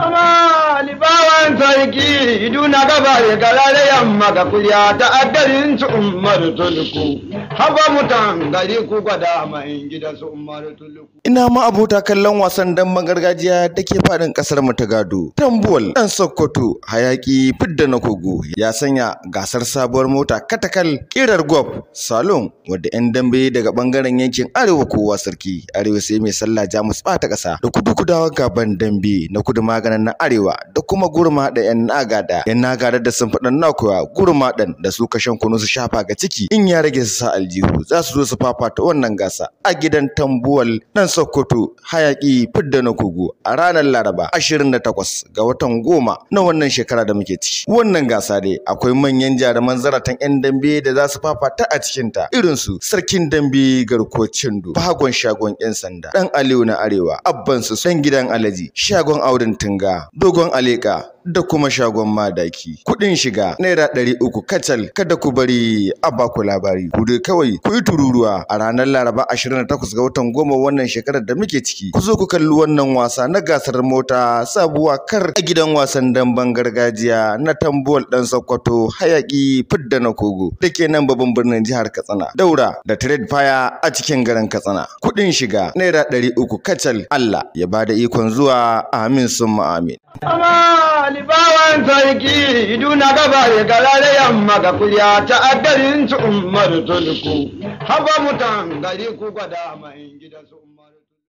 Come on! sarki iduna gaba ya galare yamma ga kulya ta addarin su umar tulku haba mutan gari ku gwada gida su umar tulku ina ma abota kallon wasan dan gargajiya da ke faɗin ƙasar mu ta gado tambuwal ɗan sokoto hayaki fidda na kogo ya sanya gasar sabuwar mota katakal kirar gwab salon wadda 'yan dambe daga bangaren yankin arewa kowa sarki arewa sai mai sallah jamus ba ta ƙasa da kudu kudawa gaban dambe na kudu maganin na arewa da kuma gurma da yan nagada yan nagada da sun faɗan nakuwa, koya gurma dan da su kashen kunu su shafa ga ciki in ya rage su sa aljihu za su zo su fafata wannan gasa a gidan tambuwal nan sokoto hayaki fidda na kugu a ranar laraba 28 ga watan goma na wannan shekara da muke ciki wannan gasa dai akwai manyan jaruman zaratan yan dambe da za su fafata a cikinta irin su sarkin dambe garko cindo fagon shagon yan sanda dan aliyu na arewa abban su san gidan alaji shagon auren tunga dogon aleka da kuma shagon madaki. Kuɗin shiga naira ɗari uku kacal kada ku bari a baku labari. Ku dai kawai ku yi tururuwa a ranar Laraba 28 ga watan goma wannan shekarar da muke ciki. Ku zo ku kalli wannan wasa na gasar mota sabuwa kar a gidan wasan damben gargajiya na tambuwal ɗan Sokoto hayaki fidda na kogo da ke nan babban birnin jihar Katsina. Daura da Trade Fire a cikin garin Katsina. Kuɗin shiga naira ɗari uku kacal Allah ya ba da ikon zuwa amin sun mu amin. Allah wani sarki sarki iduna gaba ya galare yamma ga ta agarin su umar tulku haba mutan gari ku gwada mai gidan su umar